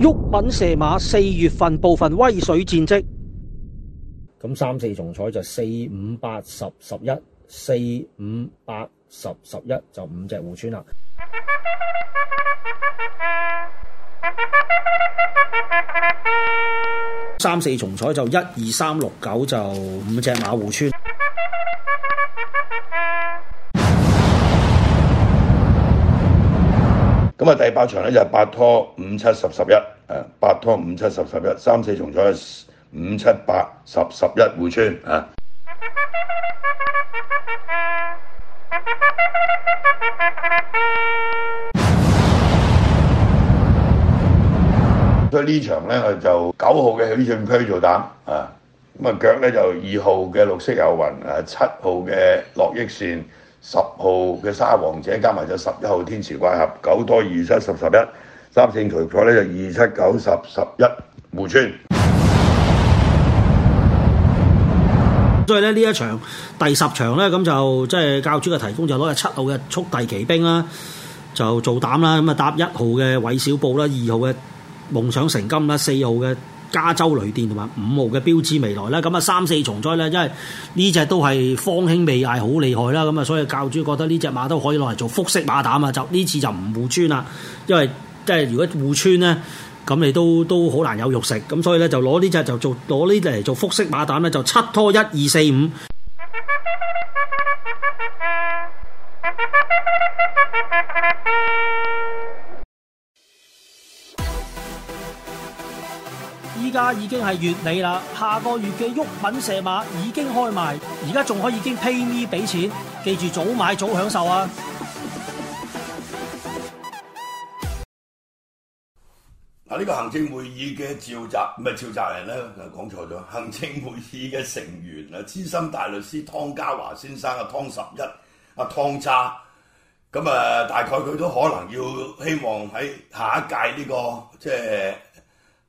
毓民射馬四月份部分威水戰績，咁三四重彩就四五八十十一，四五八十十一就五隻互穿啦。三四重彩就一二三六九就五隻馬互穿。咁啊，第八場咧就八拖五七十十一，誒八拖五七十十一，三四重彩，五七八十十一回村，啊。所以場呢場咧就九號嘅許進區做膽啊，咁啊腳咧就二號嘅綠色有雲啊，七號嘅樂益線。十號嘅沙皇者，加埋就十一號天池怪俠，九多二七十十一三線除錯呢，就二七九十十一無穿。村所以呢，呢一場第十場呢，咁就即係教主嘅提供就攞隻七號嘅速遞奇兵啦，就做膽啦，咁啊搭一號嘅韋小布啦，二號嘅夢想成金啦，四號嘅。加州雷電同埋五毛嘅標誌未來啦，咁啊三四重災咧，因為呢隻都係方興未艾，好厲害啦，咁啊所以教主覺得呢隻馬都可以攞嚟做復式馬膽啊，就呢次就唔互穿啦，因為即係如果互穿咧，咁你都都好難有肉食，咁所以咧就攞呢隻就做攞呢隻嚟做復式馬膽咧，就七拖一二四五。已經係月尾啦，下個月嘅毓民射馬已經開賣，而家仲可以經 pay me 俾錢，記住早買早享受啊！嗱、啊，呢、這個行政會議嘅召集唔係召集人咧，就講錯咗。行政會議嘅成員啊，資深大律師湯家驊先生啊，湯十一啊，湯渣，咁啊，大概佢都可能要希望喺下一屆呢、這個即係。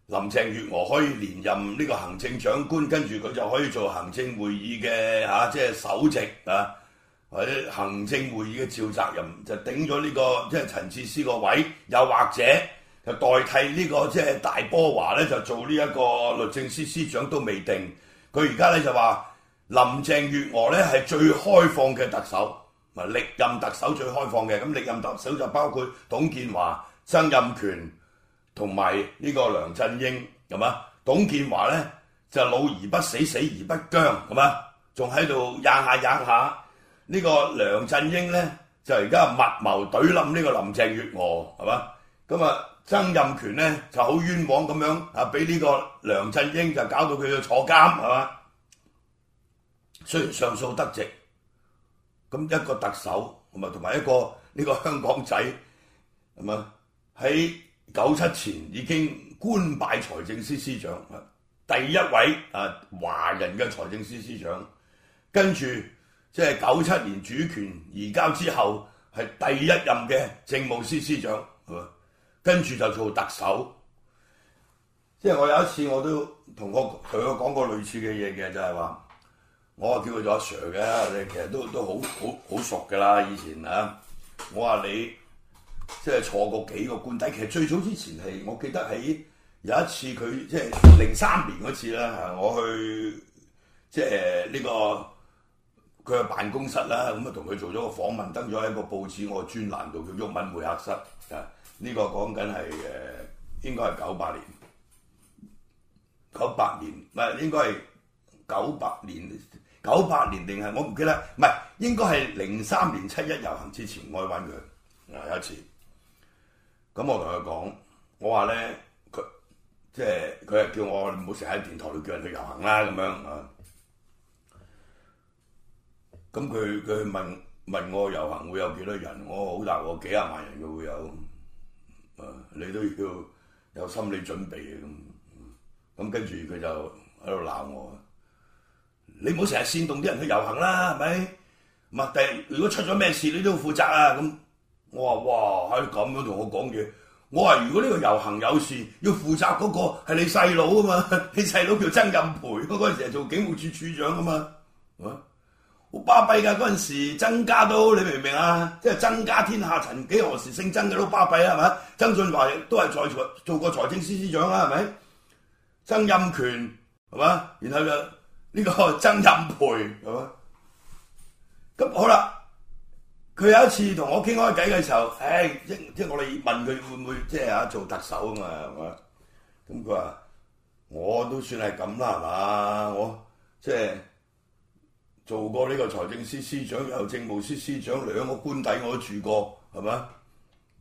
林鄭月娥可以連任呢個行政長官，跟住佢就可以做行政會議嘅吓，即係首席啊，或者行政會議嘅召集人，就頂咗呢個即係陳智思個位，又或者就代替呢個即係大波華咧，就做呢一個律政司司長都未定。佢而家咧就話林鄭月娥咧係最開放嘅特首，唔係歷任特首最開放嘅。咁歷任特首就包括董建華、曾蔭權。同埋呢個梁振英係嘛？董建華咧就老而不死，死而不僵係嘛？仲喺度吔下吔下。呢、這個梁振英咧就而家密謀懟冧呢個林鄭月娥係嘛？咁啊，曾蔭權咧就好冤枉咁樣啊，俾呢個梁振英就搞到佢去坐監係嘛？雖然上訴得直，咁一個特首同埋同埋一個呢、這個香港仔咁啊喺。九七前已經官拜財政司司長，第一位啊華人嘅財政司司長，跟住即係九七年主權移交之後係第一任嘅政務司司長，跟、嗯、住就做特首。即係我有一次我都同個佢講過類似嘅嘢嘅，就係、是、話我叫佢做阿 Sir 嘅，你其實都都好好好熟㗎啦，以前啊，我話你。即係坐過幾個官，但其實最早之前係，我記得喺有一次佢即係零三年嗰次啦，嚇我去即係呢個佢嘅辦公室啦，咁啊同佢做咗個訪問，登咗喺個報紙我專欄度叫毓民會客室啊。呢、這個講緊係誒，應該係九八年，九八年唔係應該係九八年，九八年定係我唔記得，唔係應該係零三年七一遊行之前我揾佢啊有一次，咁我同佢講，我話咧，佢即係佢係叫我唔好成日喺電台度叫人去遊行啦咁樣啊。咁佢佢問問我遊行會有幾多人，我好大喎，幾廿萬人嘅會有、啊、你都要有心理準備嘅咁。咁跟住佢就喺度鬧我，你唔好成日煽動啲人去遊行啦，係咪？唔係，但如果出咗咩事，你都要負責啊咁。嗯。我話哇，佢咁樣同我講嘢，我話如果呢個遊行有事，要負責嗰個係你細佬啊嘛，你細佬叫曾蔭培，嗰陣時係做警務處處長啊嘛，啊，好巴閉㗎，嗰陣時曾家都你明唔明啊？即係曾家天下，曾幾何時姓曾嘅都巴閉啊？係咪？曾俊華亦都係財做過財政司司長啊？係咪？曾蔭權係嘛，然後就呢個曾蔭培係嘛，咁好啦。佢有一次同我傾開偈嘅時候，誒、哎、即即我哋問佢會唔會即係啊做特首啊嘛，係嘛？咁佢話我都算係咁啦，係嘛？我即係做過呢個財政司司長、又政務司司長兩個官邸我都住過，係嘛？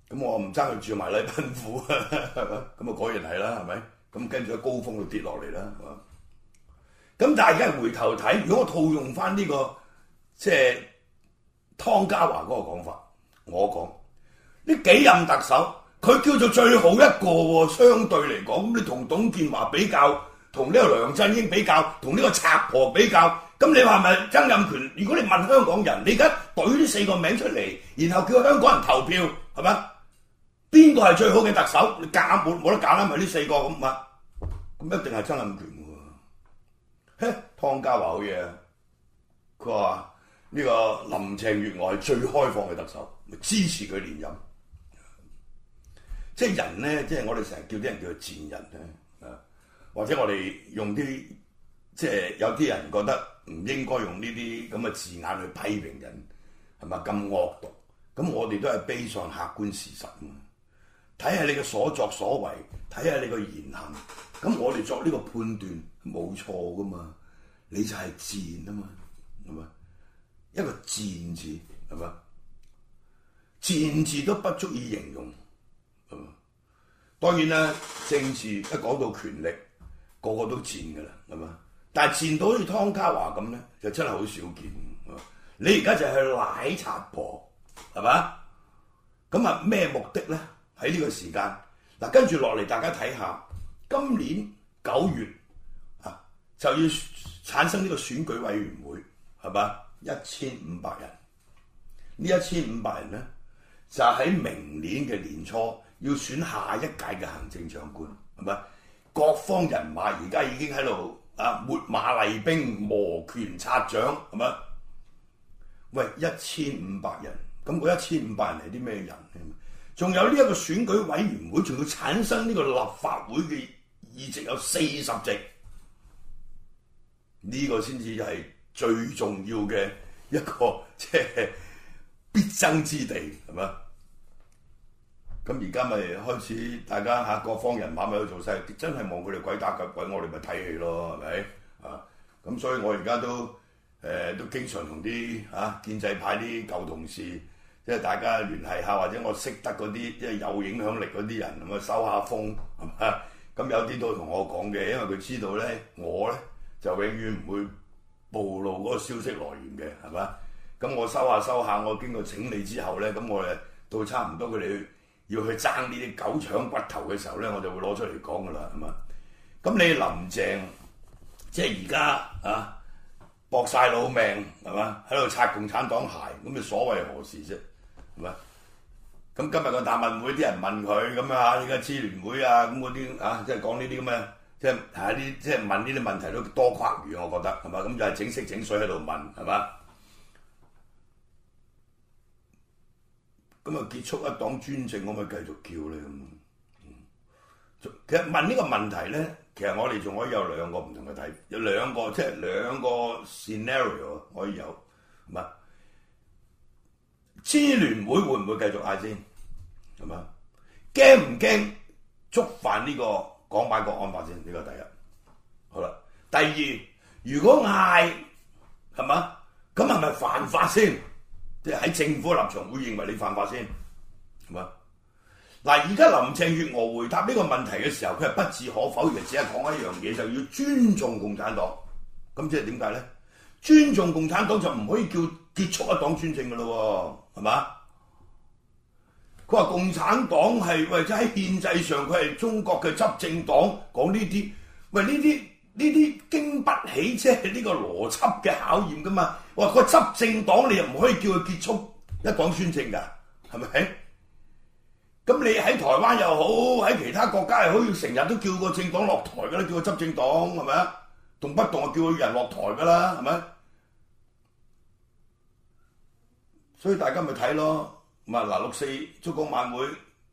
咁我唔爭佢住埋禮賓府，係嘛？咁啊果然係啦，係咪？咁跟住喺高峰度跌落嚟啦，係嘛？咁但係而家回頭睇，如果我套用翻呢、這個即係。湯家華嗰個講法，我講呢幾任特首，佢叫做最好一個喎。相對嚟講，咁你同董建華比較，同呢個梁振英比較，同呢個賊婆比較，咁你話係咪曾蔭權？如果你問香港人，你而家懟呢四個名出嚟，然後叫香港人投票，係咪？邊個係最好嘅特首？你揀唔冇得揀啦，咪呢四個咁啊？咁一定係曾蔭權喎。嘿，湯家華好嘢，佢話。呢個林鄭月娥係最開放嘅特首，支持佢連任。即係人咧，即係我哋成日叫啲人叫佢賤人咧，啊！或者我哋用啲即係有啲人覺得唔應該用呢啲咁嘅字眼去批評人，係咪咁惡毒？咁我哋都係悲傷客觀事實啊！睇下你嘅所作所為，睇下你嘅言行，咁我哋作呢個判斷冇錯噶嘛？你就係賤啊嘛，係咪？一個賤字係嘛？賤字都不足以形容，係嘛？當然啦，政治一講到權力，個個都賤㗎喇，係嘛？但係賤到好似湯家華咁咧，就真係好少見。你而家就係奶茶婆，係嘛？咁啊，咩目的咧？喺呢個時間嗱，跟住落嚟，大家睇下，今年九月啊，就要產生呢個選舉委員會，係嘛？一千五百人，呢一千五百人咧，就喺明年嘅年初要選下一屆嘅行政長官，係咪？各方人馬而家已經喺度啊，秣馬厲兵、磨拳擦掌，係咪？喂，一千五百人，咁嗰一千五百人係啲咩人？仲有呢一個選舉委員會，仲要產生呢個立法會嘅議席有四十席，呢個先至係，最重要嘅一個即係必爭之地，係咪？咁而家咪開始大家嚇各方人馬咪喺度做晒，真係望佢哋鬼打腳鬼，我哋咪睇戲咯，係咪？啊，咁所以我而家都誒都經常同啲嚇建制派啲舊同事，即係大家聯繫下，或者我識得嗰啲即係有影響力嗰啲人，咁啊收下風，係咪？咁有啲都同我講嘅，因為佢知道咧，我咧就永遠唔會。暴露嗰個消息來源嘅，係嘛？咁我收下收下，我經過整理之後咧，咁我誒到差唔多佢哋要去爭呢啲狗搶骨頭嘅時候咧，我就會攞出嚟講㗎喇，係嘛？咁你林鄭即係而家啊，搏晒老命係嘛？喺度拆共產黨鞋，咁你所為何事啫？係嘛？咁今日個答問會啲人問佢咁樣，而家支聯會啊咁嗰啲啊，即係講呢啲咁嘅。即係喺啲即係問呢啲問題都多跨語，我覺得係嘛咁就係整色整水喺度問係嘛？咁啊結束一黨專政，可唔可以繼續叫咧咁、嗯。其實問呢個問題咧，其實我哋仲可以有兩個唔同嘅睇，有兩個即係、就是、兩個 scenario 可以有，係嘛？支聯會會唔會繼續嗌先？係嘛？驚唔驚觸犯呢、這個？講埋國安法先，呢個第一，好啦。第二，如果嗌係嘛，咁係咪犯法先？即係喺政府立場會認為你犯法先，係嘛？嗱，而家林鄭月娥回答呢個問題嘅時候，佢係不置可否，而係只係講一樣嘢，就要尊重共產黨。咁即係點解咧？尊重共產黨就唔可以叫結束一黨專政嘅咯，係嘛？佢話共產黨係，或者喺憲制上佢係中國嘅執政黨，講呢啲，喂，呢啲呢啲經不起即係呢個邏輯嘅考驗噶嘛？話個執政黨你又唔可以叫佢結束一黨專政噶，係咪？咁你喺台灣又好，喺其他國家又好，要成日都叫個政黨落台噶啦，叫個執政黨係咪啊？動不動就叫佢人落台噶啦，係咪？所以大家咪睇咯。唔啊，嗱六四燭光晚會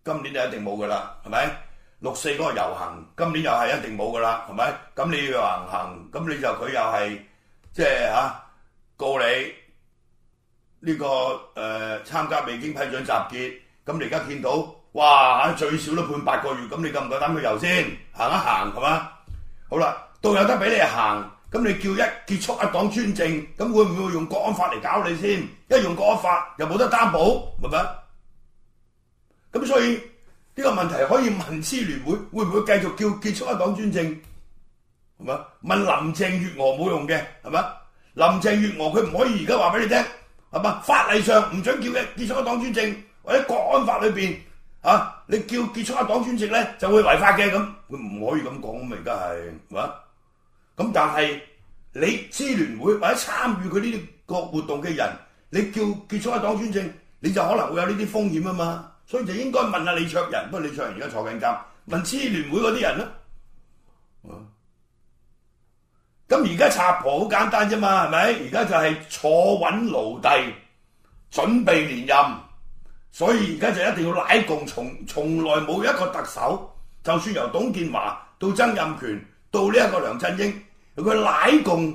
今年就一定冇㗎喇，係咪？六四嗰個遊行今年又係一定冇㗎喇，係咪？咁你要行行，咁你就佢又係即係嚇告你呢個誒參加未經批准集結，咁你而家見到，哇最少都判八個月，咁你夠唔夠膽去遊先？行一行係嘛？好啦，都有得俾你行。咁你叫一結束一黨專政，咁會唔會用國安法嚟搞你先？一用國安法又冇得擔保，係咪？咁所以呢個問題可以問支聯會會唔會繼續叫結束一黨專政？係咪？問林鄭月娥冇用嘅，係咪？林鄭月娥佢唔可以而家話俾你聽，係嘛？法例上唔準叫一結束一黨專政，或者國安法裏邊啊，你叫結束一黨專政咧就會違法嘅，咁佢唔可以咁講，咁而家係，係嘛？咁但係你支聯會或者參與佢呢啲個活動嘅人，你叫結束一黨專政，你就可能會有呢啲風險啊嘛，所以就應該問下李卓人，不過李卓人而家坐緊監，問支聯會嗰啲人啦。啊，咁而家拆破好簡單啫嘛，係咪？而家就係坐穩奴隸，準備連任，所以而家就一定要拉共，從從來冇一個特首，就算由董建華到曾蔭權到呢一個梁振英。佢奶共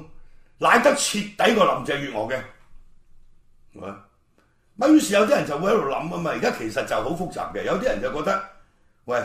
奶得徹底過林鄭月娥嘅，咪於是有啲人就會喺度諗啊嘛。而家其實就好複雜嘅，有啲人就覺得：喂，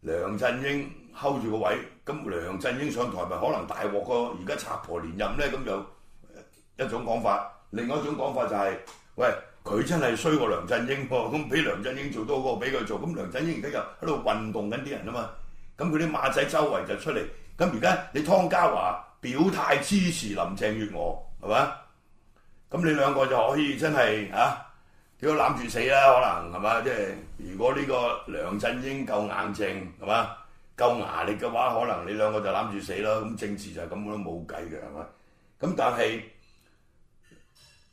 梁振英睺住個位，咁梁振英上台咪可能大鑊個？而家插婆連任咧，咁就一種講法。另外一種講法就係、是：喂，佢真係衰過梁振英噃，咁俾梁振英做多個俾佢做，咁梁振英而家又喺度運動緊啲人啊嘛。咁佢啲馬仔周圍就出嚟。咁而家你湯家驊？表態支持林鄭月娥，係嘛？咁你兩個就可以真係嚇，屌攬住死啦！可能係嘛？即係如果呢個梁振英夠硬淨，係嘛？夠牙力嘅話，可能你兩個就攬住死咯。咁政治就係咁樣冇計嘅，係嘛？咁但係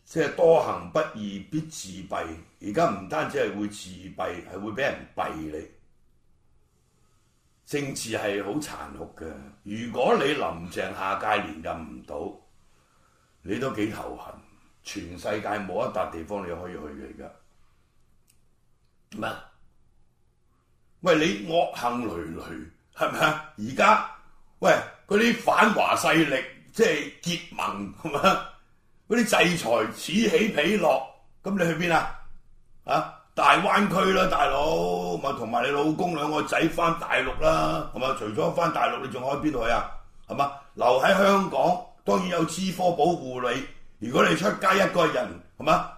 即係多行不義必自斃，而家唔單止係會自斃，係會俾人斃你。政治係好殘酷嘅，如果你林鄭下屆連任唔到，你都幾頭痕。全世界冇一笪地方你可以去嘅。而家咩麼？喂，你惡行累累係咪啊？而家喂嗰啲反華勢力即係、就是、結盟係嘛？嗰啲制裁此起彼落，咁你去邊啊？啊，大灣區啦，大佬。同埋你老公兩個仔翻大陸啦，係咪？除咗翻大陸，你仲可以邊度去啊？係嘛？留喺香港，當然有 G4 保護你。如果你出街一個人，係嘛？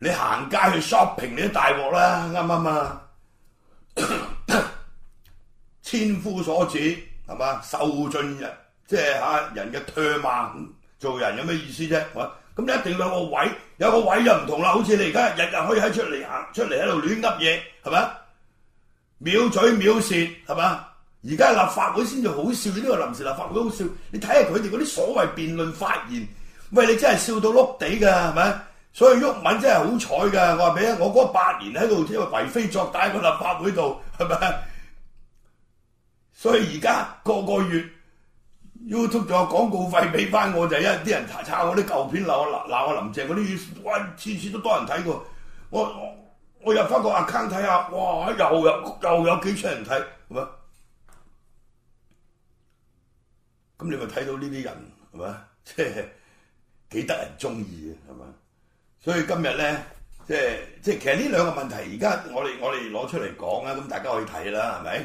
你行街去 shopping，你都大鑊啦，啱唔啱啊？千夫所指，係嘛？受盡人即係吓人嘅唾罵，做人有咩意思啫？係嘛？咁你一定有個位，有個位就唔同啦。好似你而家日日可以喺出嚟行，出嚟喺度亂噏嘢，係咪啊？秒嘴秒舌，係嘛？而家立法會先至好笑，呢個臨時立法會好笑。你睇下佢哋嗰啲所謂辯論發言，喂，你真係笑到碌地㗎，係咪？所以毓民真係好彩㗎。我話俾你，我嗰八年喺度即係為非作歹喺個立法會度，係咪？所以而家個個月，YouTube 仲有廣告費俾翻我，就一、是、啲人查炒我啲舊片樓，鬧鬧我，我林鄭嗰啲嘢，哇！次次都多人睇喎，我我我又翻個 account 睇下，哇！又又又有幾出人睇，係咪？咁你咪睇到呢啲人係咪？即係幾得人中意嘅係咪？所以今日咧，即係即係其實呢兩個問題，而家我哋我哋攞出嚟講啊，咁大家可以睇啦，係咪？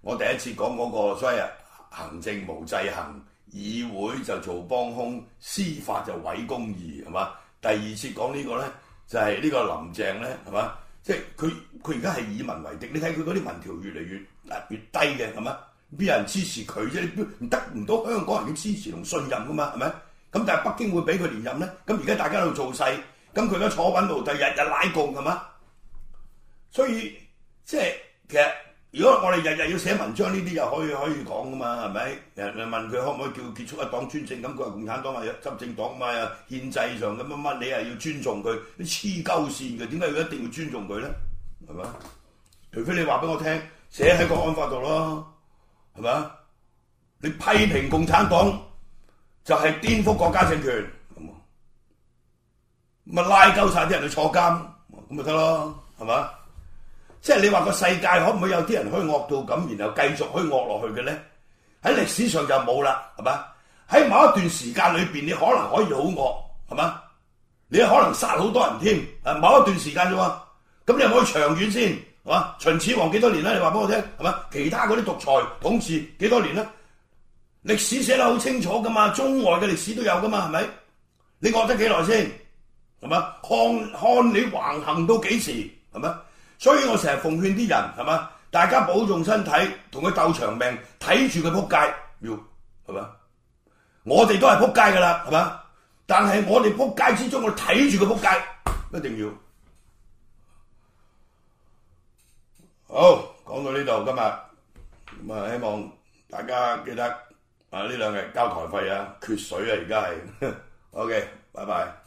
我第一次講嗰、嗰個衰啊！行政無制衡，議會就做幫兇，司法就毀公義，係嘛？第二次講呢個咧，就係呢個林鄭咧，係嘛？即係佢佢而家係以民為敵，你睇佢嗰啲民調越嚟越越低嘅，係嘛？邊有人支持佢啫？你得唔到香港人嘅支持同信任㗎嘛？係咪？咁但係北京會俾佢連任咧？咁而家大家喺度做勢，咁佢都坐穩奴才，第日日拉共係嘛？所以即係其實。如果我哋日日要寫文章呢啲又可以可以講㗎嘛係咪？人問佢可唔可以叫結束一黨專政咁？佢話共產黨係執政黨嘛，又憲制上咁乜乜，你係要尊重佢？啲黐鳩線嘅，點解佢一定要尊重佢咧？係嘛？除非你話俾我聽，寫喺個案法度咯，係嘛？你批評共產黨就係顛覆國家政權，咁咪拉鳩晒啲人去坐監，咁咪得咯？係嘛？即係你話個世界可唔可以有啲人虛惡到咁，然後繼續虛惡落去嘅咧？喺歷史上就冇啦，係咪？喺某一段時間裏邊，你可能可以好惡，係咪？你可能殺好多人添，誒某一段時間啫喎。咁你可唔可以長遠先？係嘛？秦始皇幾多年咧？你話俾我聽，係咪？其他嗰啲獨裁統治幾多年咧？歷史寫得好清楚㗎嘛，中外嘅歷史都有㗎嘛，係咪？你惡得幾耐先？係咪？看看你橫行到幾時？係咪？所以我成日奉勸啲人係嘛，大家保重身體，同佢鬥長命，睇住佢撲街，要係嘛？我哋都係撲街㗎喇，係嘛？但係我哋撲街之中，我哋睇住佢撲街，一定要。好，講到呢度，今日咁啊，希望大家記得啊呢兩日交台費啊，缺水啊，而家係。OK，拜拜。